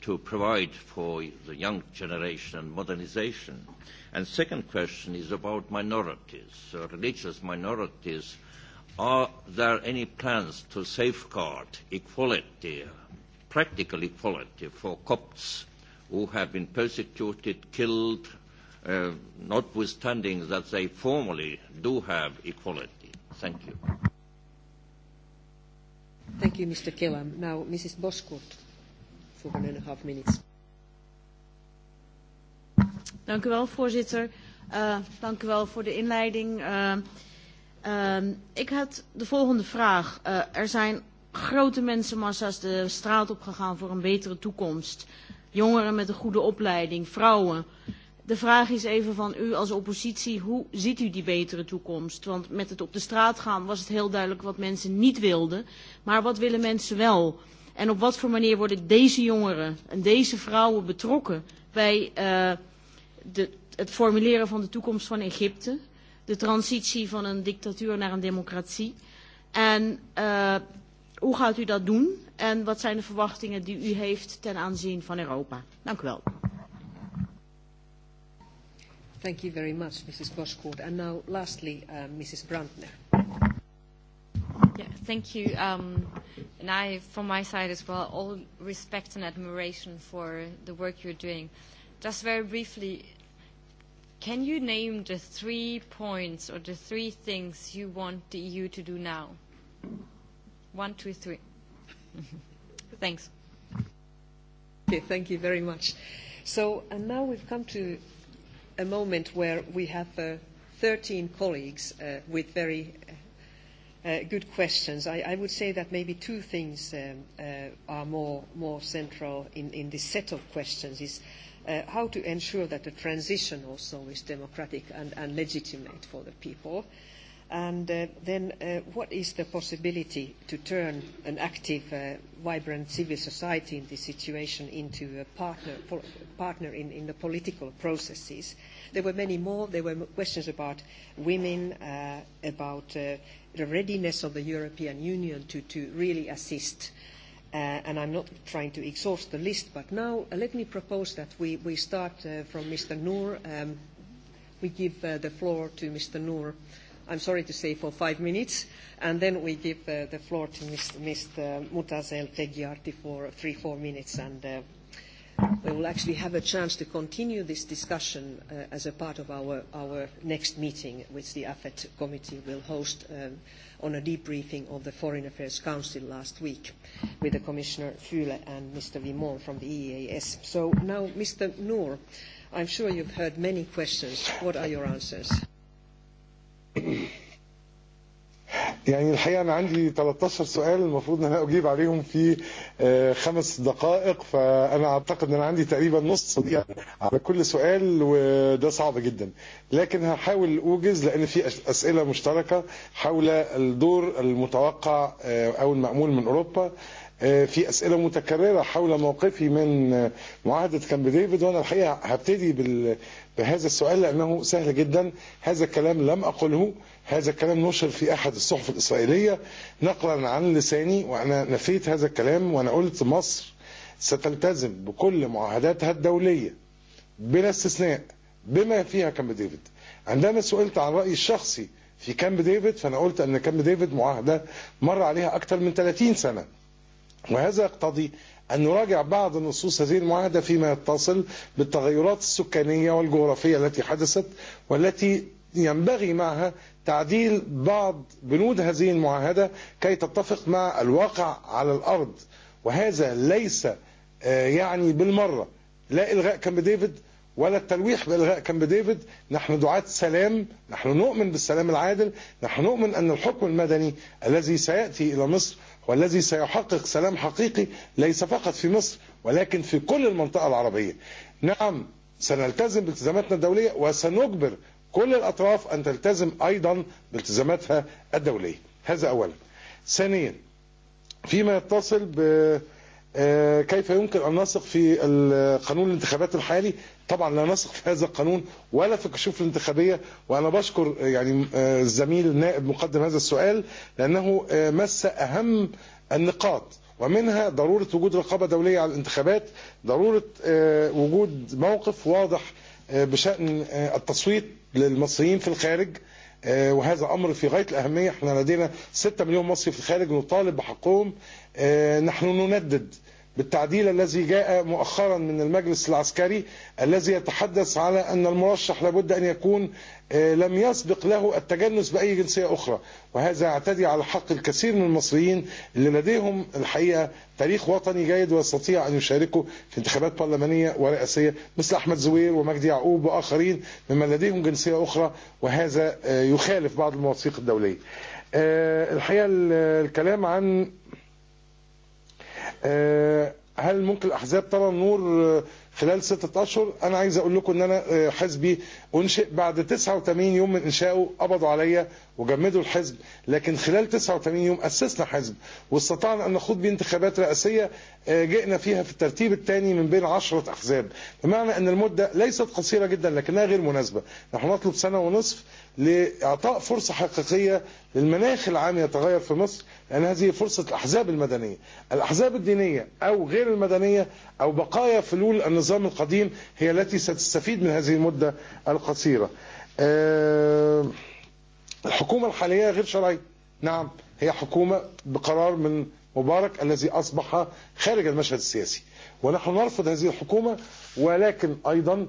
to provide for the young generation and modernization. And second question is about minorities, uh, religious minorities. Are there any plans to safeguard equality, practical equality for Copts who have been persecuted, killed, uh, notwithstanding that they formally do have equality? Thank you. Thank you, Mr. Kelam. Now, Mrs. Boskurt, for one and a half minutes. Dank u wel, voorzitter. Uh, dank u wel voor de inleiding. Uh, uh, ik had de volgende vraag. Uh, er zijn grote mensenmassa's de straat op gegaan voor een betere toekomst. Jongeren met een goede opleiding, vrouwen. Uh, De vraag is even van u als oppositie, hoe ziet u die betere toekomst? Want met het op de straat gaan was het heel duidelijk wat mensen niet wilden. Maar wat willen mensen wel? En op wat voor manier worden deze jongeren en deze vrouwen betrokken bij uh, de, het formuleren van de toekomst van Egypte? De transitie van een dictatuur naar een democratie? En uh, hoe gaat u dat doen? En wat zijn de verwachtingen die u heeft ten aanzien van Europa? Dank u wel. Thank you very much, Mrs. Boschkord. And now, lastly, uh, Brandner. Yeah, thank you. Um, and I, from my side as well, all respect and admiration for the work you're doing. Just very briefly, can you name the three points or the three things you want the EU to do now? One, two, three. Thanks. Okay, thank you very much. So, and now we've come to a moment where we have uh, 13 colleagues uh, with very uh, good questions. I, I would say that maybe two things um, uh, are more, more central in, in this set of questions is uh, how to ensure that the transition also is democratic and, and legitimate for the people. Uh, And uh, then uh, what is the possibility to turn an active, uh, vibrant civil society in this situation into a partner, pol- partner in, in the political processes? There were many more. There were questions about women, uh, about uh, the readiness of the European Union to, to really assist. Uh, and I'm not trying to exhaust the list, but now uh, let me propose that we, we start uh, from Mr. Noor. Um, we give uh, the floor to Mr. Noor. I'm sorry to say, for five minutes, and then we give uh, the floor to Mr. Uh, Mutazel Tegiarti for three, four minutes, and uh, we will actually have a chance to continue this discussion uh, as a part of our, our next meeting, which the AFET committee will host um, on a debriefing of the Foreign Affairs Council last week with the Commissioner Füle and Mr. Vimon from the EEAS. So now, Mr. Noor, I'm sure you've heard many questions. What are your answers? يعني الحقيقة أنا عندي 13 سؤال المفروض أن أنا أجيب عليهم في خمس دقائق فأنا أعتقد أن أنا عندي تقريبا نص دقيقة على كل سؤال وده صعب جدا لكن هحاول أوجز لأن في أسئلة مشتركة حول الدور المتوقع أو المأمول من أوروبا في أسئلة متكررة حول موقفي من معاهدة كامب ديفيد وأنا الحقيقة هبتدي بهذا السؤال لأنه سهل جدا هذا الكلام لم أقله هذا الكلام نشر في أحد الصحف الإسرائيلية نقلا عن لساني وأنا نفيت هذا الكلام وأنا قلت مصر ستلتزم بكل معاهداتها الدولية بلا استثناء بما فيها كامب ديفيد عندما سئلت عن رأيي الشخصي في كامب ديفيد فأنا قلت أن كامب ديفيد معاهدة مر عليها أكثر من 30 سنة وهذا يقتضي أن نراجع بعض النصوص هذه المعاهدة فيما يتصل بالتغيرات السكانية والجغرافية التي حدثت والتي ينبغي معها تعديل بعض بنود هذه المعاهدة كي تتفق مع الواقع على الأرض وهذا ليس يعني بالمرة لا إلغاء كامب ديفيد ولا التلويح بإلغاء كامب ديفيد نحن دعاة سلام نحن نؤمن بالسلام العادل نحن نؤمن أن الحكم المدني الذي سيأتي إلى مصر والذي سيحقق سلام حقيقي ليس فقط في مصر ولكن في كل المنطقة العربية نعم سنلتزم بالتزاماتنا الدولية وسنجبر كل الأطراف أن تلتزم أيضا بالتزاماتها الدولية هذا أولا ثانيا فيما يتصل ب كيف يمكن أن نثق في قانون الانتخابات الحالي طبعا لا نثق في هذا القانون ولا في الكشوف الانتخابية وانا بشكر يعني الزميل النائب مقدم هذا السؤال لانه مس اهم النقاط ومنها ضرورة وجود رقابة دولية على الانتخابات ضرورة وجود موقف واضح بشأن التصويت للمصريين في الخارج وهذا أمر في غاية الأهمية احنا لدينا 6 مليون مصري في الخارج نطالب بحقهم نحن نندد بالتعديل الذي جاء مؤخرا من المجلس العسكري الذي يتحدث على أن المرشح لابد أن يكون لم يسبق له التجنس بأي جنسية أخرى وهذا يعتدي على حق الكثير من المصريين اللي لديهم الحقيقة تاريخ وطني جيد ويستطيع أن يشاركوا في انتخابات برلمانية ورئاسية مثل أحمد زوير ومجدي يعقوب وآخرين مما لديهم جنسية أخرى وهذا يخالف بعض المواثيق الدولية الحقيقة الكلام عن هل ممكن الاحزاب ترى النور خلال ستة اشهر انا عايز اقول لكم ان انا حزبي انشئ بعد 89 يوم من انشائه قبضوا عليا وجمدوا الحزب لكن خلال 89 يوم اسسنا حزب واستطعنا ان نخوض بانتخابات انتخابات رئاسيه جئنا فيها في الترتيب الثاني من بين عشرة احزاب بمعنى ان المده ليست قصيره جدا لكنها غير مناسبه نحن نطلب سنه ونصف لإعطاء فرصة حقيقية للمناخ العام يتغير في مصر لأن هذه فرصة الأحزاب المدنية، الأحزاب الدينية أو غير المدنية أو بقايا فلول النظام القديم هي التي ستستفيد من هذه المدة القصيرة الحكومة الحالية غير شرعية نعم هي حكومة بقرار من مبارك الذي أصبح خارج المشهد السياسي، ونحن نرفض هذه الحكومة ولكن أيضا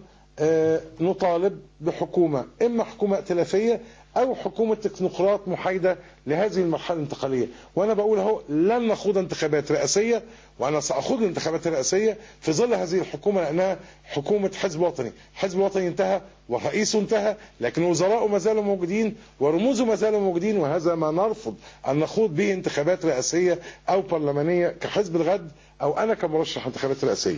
نطالب بحكومة إما حكومة ائتلافية أو حكومة تكنوقراط محايدة لهذه المرحلة الانتقالية وأنا بقول أهو لن نخوض انتخابات رئاسية وأنا سأخوض الانتخابات رئاسية في ظل هذه الحكومة لأنها حكومة حزب وطني حزب وطني انتهى ورئيسه انتهى لكن وزراءه ما زالوا موجودين ورموزه ما زالوا موجودين وهذا ما نرفض أن نخوض به انتخابات رئاسية أو برلمانية كحزب الغد او انا كمرشح انتخابات رئاسيه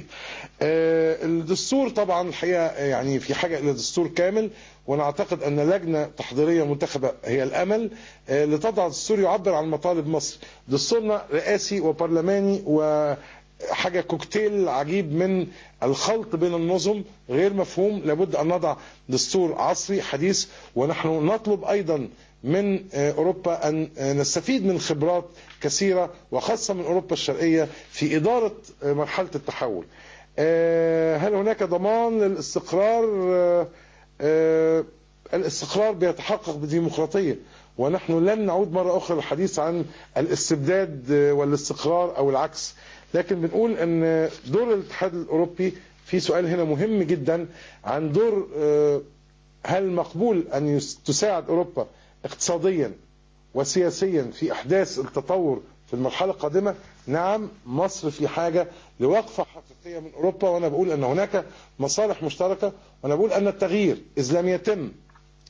الدستور طبعا الحقيقه يعني في حاجه الى دستور كامل ونعتقد ان لجنه تحضيريه منتخبه هي الامل لتضع الوضع السوري يعبر عن مطالب مصر دستورنا رئاسي وبرلماني وحاجة كوكتيل عجيب من الخلط بين النظم غير مفهوم لابد أن نضع دستور عصري حديث ونحن نطلب أيضا من أوروبا أن نستفيد من خبرات كثيرة وخاصة من أوروبا الشرقية في إدارة مرحلة التحول هل هناك ضمان للاستقرار الاستقرار بيتحقق بديمقراطية ونحن لن نعود مرة أخرى للحديث عن الاستبداد والاستقرار أو العكس لكن بنقول أن دور الاتحاد الأوروبي في سؤال هنا مهم جدا عن دور هل مقبول أن تساعد أوروبا اقتصاديا وسياسيا في أحداث التطور في المرحلة القادمة نعم مصر في حاجة لوقفة حقيقية من أوروبا وأنا بقول أن هناك مصالح مشتركة وأنا بقول أن التغيير إذ لم يتم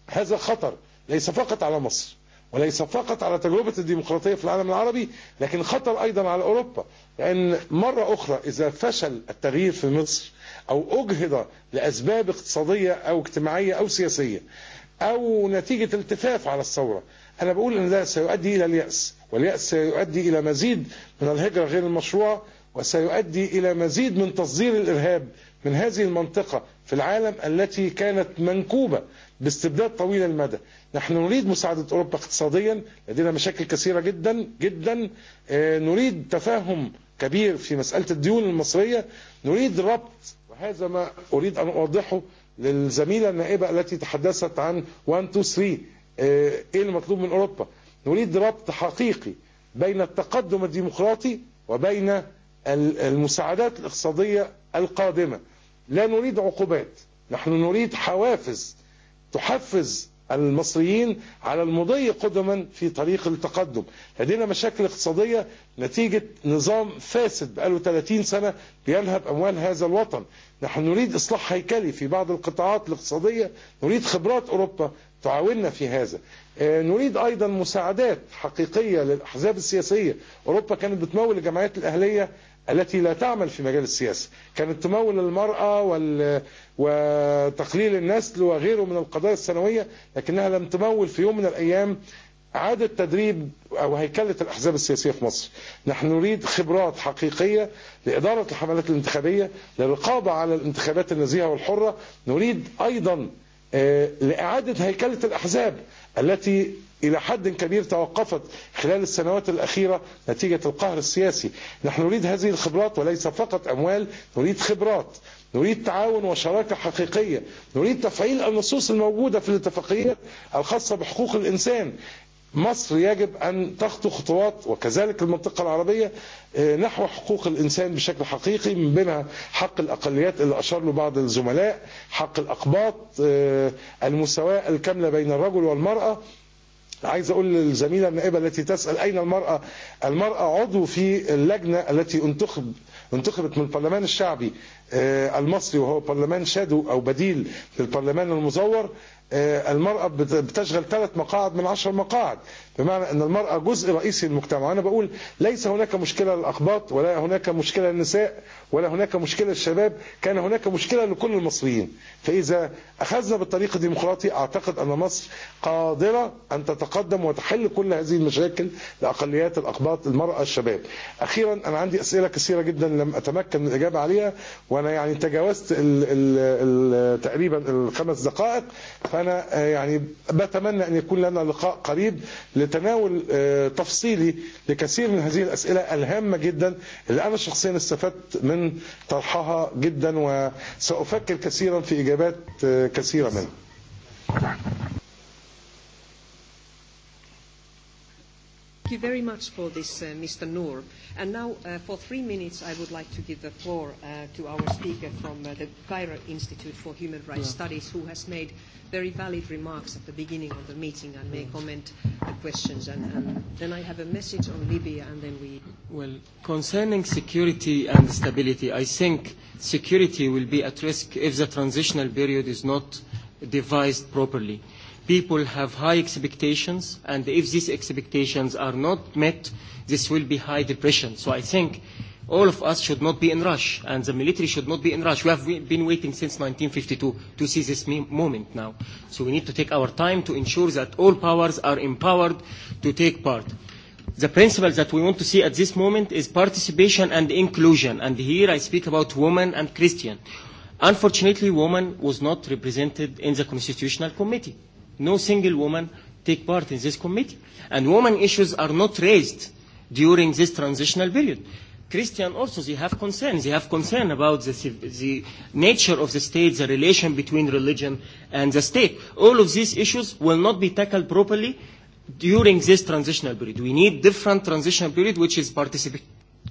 هذا خطر ليس فقط على مصر وليس فقط على تجربة الديمقراطية في العالم العربي لكن خطر أيضا على أوروبا لأن مرة أخرى إذا فشل التغيير في مصر أو أجهد لأسباب اقتصادية أو اجتماعية أو سياسية أو نتيجة التفاف على الثورة أنا بقول أن ذلك سيؤدي إلى اليأس واليأس سيؤدي إلى مزيد من الهجرة غير المشروعة وسيؤدي إلى مزيد من تصدير الإرهاب من هذه المنطقة في العالم التي كانت منكوبة باستبداد طويل المدى نحن نريد مساعدة أوروبا اقتصاديا لدينا مشاكل كثيرة جدا جدا نريد تفاهم كبير في مسألة الديون المصرية نريد ربط وهذا ما أريد أن أوضحه للزميلة النائبة التي تحدثت عن 1 2 3 إيه المطلوب من أوروبا نريد ربط حقيقي بين التقدم الديمقراطي وبين المساعدات الاقتصادية القادمة لا نريد عقوبات نحن نريد حوافز تحفز المصريين على المضي قدما في طريق التقدم لدينا مشاكل اقتصادية نتيجة نظام فاسد بقاله 30 سنة بينهب أموال هذا الوطن نحن نريد إصلاح هيكلي في بعض القطاعات الاقتصادية نريد خبرات أوروبا تعاوننا في هذا نريد أيضا مساعدات حقيقية للأحزاب السياسية أوروبا كانت بتمول الجمعيات الأهلية التي لا تعمل في مجال السياسة كانت تمول المرأة وتقليل النسل وغيره من القضايا السنوية لكنها لم تمول في يوم من الأيام عادة تدريب أو هيكلة الأحزاب السياسية في مصر نحن نريد خبرات حقيقية لإدارة الحملات الانتخابية للرقابة على الانتخابات النزيهة والحرة نريد أيضا لإعادة هيكلة الأحزاب التي إلى حد كبير توقفت خلال السنوات الأخيرة نتيجة القهر السياسي نحن نريد هذه الخبرات وليس فقط أموال نريد خبرات نريد تعاون وشراكة حقيقية نريد تفعيل النصوص الموجودة في الاتفاقيات الخاصة بحقوق الإنسان مصر يجب أن تخطو خطوات وكذلك المنطقة العربية نحو حقوق الإنسان بشكل حقيقي من بينها حق الأقليات اللي أشار له بعض الزملاء حق الأقباط المساواة الكاملة بين الرجل والمرأة عايز اقول للزميله النائبه التي تسال اين المراه؟ المراه عضو في اللجنه التي انتخب انتخبت من البرلمان الشعبي المصري وهو برلمان شادو او بديل للبرلمان المزور المرأة بتشغل ثلاث مقاعد من عشر مقاعد بمعنى أن المرأة جزء رئيسي المجتمع أنا بقول ليس هناك مشكلة للأخباط ولا هناك مشكلة للنساء ولا هناك مشكلة للشباب كان هناك مشكلة لكل المصريين فإذا أخذنا بالطريق الديمقراطي أعتقد أن مصر قادرة أن تتقدم وتحل كل هذه المشاكل لأقليات الأقباط المرأة الشباب أخيرا أنا عندي أسئلة كثيرة جدا لم أتمكن من الإجابة عليها وأنا يعني تجاوزت الـ الـ الـ تقريبا الخمس دقائق فأنا يعني بتمنى أن يكون لنا لقاء قريب لتناول تفصيلي لكثير من هذه الأسئلة الهامة جدا اللي أنا شخصيا استفدت من طرحها جدا وسأفكر كثيرا في إجابات كثيرة منها Thank you very much for this, uh, Mr. Noor. And now, uh, for three minutes, I would like to give the floor uh, to our speaker from uh, the Cairo Institute for Human Rights yeah. Studies, who has made very valid remarks at the beginning of the meeting and may comment the questions. And, and um, then I have a message on Libya, and then we. Well, concerning security and stability, I think security will be at risk if the transitional period is not devised properly. Uh, people have high expectations, and if these expectations are not met, this will be high depression. So I think all of us should not be in rush, and the military should not be in rush. We have been waiting since 1952 to see this moment now. So we need to take our time to ensure that all powers are empowered to take part. The principle that we want to see at this moment is participation and inclusion, and here I speak about women and Christian. Unfortunately, woman was not represented in the Constitutional Committee No single woman take part in this committee. And women issues are not raised during this transitional period. Christian also, they have concerns. They have concern about the, the nature of the state, the relation between religion and the state. All of these issues will not be tackled properly during this transitional period. We need different transitional period which is particip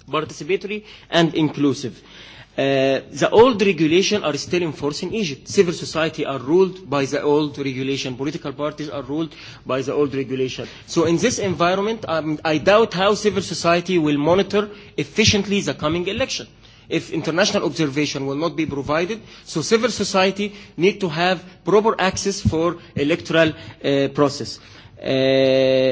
participatory and inclusive. Uh, Uh, the old regulation are still in force in Egypt. Civil society are ruled by the old regulation. Political parties are ruled by the old regulation. So in this environment, um, I doubt how civil society will monitor efficiently the coming election if international observation will not be provided. So civil society need to have proper access for electoral uh, process. Uh,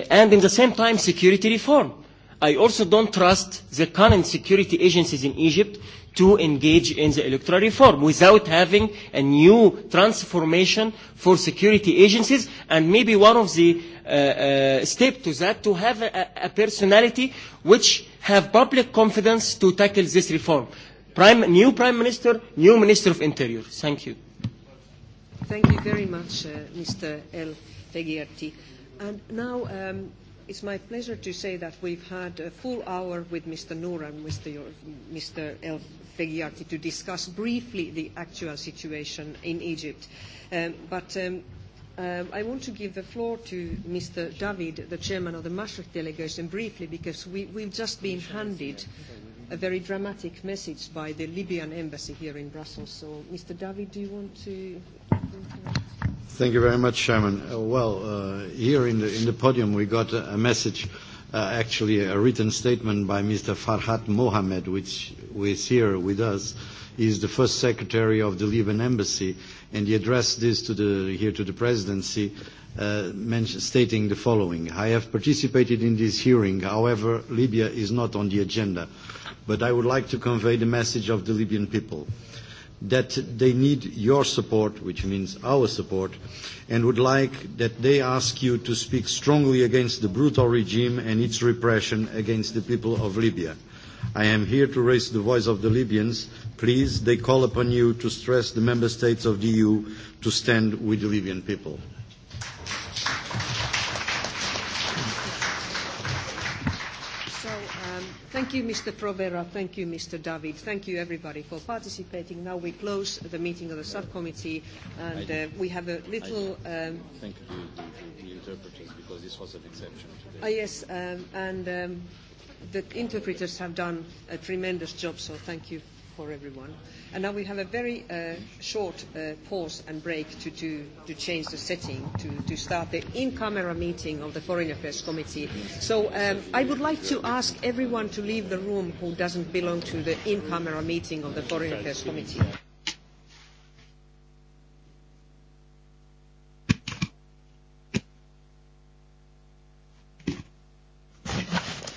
and in the same time, security reform. I also don't trust the current security agencies in Egypt to engage in the electoral reform without having a new transformation for security agencies and maybe one of the uh, uh, step to that to have a, a personality which have public confidence to tackle this reform. Prime, new Prime Minister, new Minister of Interior. Thank you. Thank you very much, uh, Mr. El Fegierti. And now um, It's my pleasure to say that we've had a full hour with Mr. Noor and Mr. Mr. El Fegiaki to discuss briefly the actual situation in Egypt. Um, but um, Uh, I want to give the floor to Mr. David, the chairman of the Maastricht delegation, briefly, because we, we've just been handed a very dramatic message by the Libyan embassy here in Brussels. So, Mr. David, do you want to? Thank you very much, Chairman. Uh, well, uh, here in the, in the podium, we got a, a message uh, Uh, actually a written statement by Mr. Farhat Mohamed, which is here with us. He is the first secretary of the Lebanon embassy, and he addressed this to the, here to the presidency, uh, stating the following. I have participated in this hearing. However, Libya is not on the agenda, but I would like to convey the message of the Libyan people that they need your support, which means our support, and would like that they ask you to speak strongly against the brutal regime and its repression against the people of Libya. I am here to raise the voice of the Libyans. Please, they call upon you to stress the member states of the EU to stand with the Libyan people. Thank you, Mr. Provera. Thank you, Mr. David. Thank you, everybody, for participating. Now we close the meeting of the subcommittee, and uh, we have a little. Um, thank you, to the, interpreters, because this was an exception today. Ah, yes, um, and um, the interpreters have done a tremendous job, so thank you for everyone. And now we have a very uh, short uh, pause and break to, to, to change the setting, to, to start the in-camera meeting of the Foreign Affairs Committee. So um, I would like to ask everyone to leave the room who doesn't belong to the in-camera meeting of the Foreign Affairs Committee.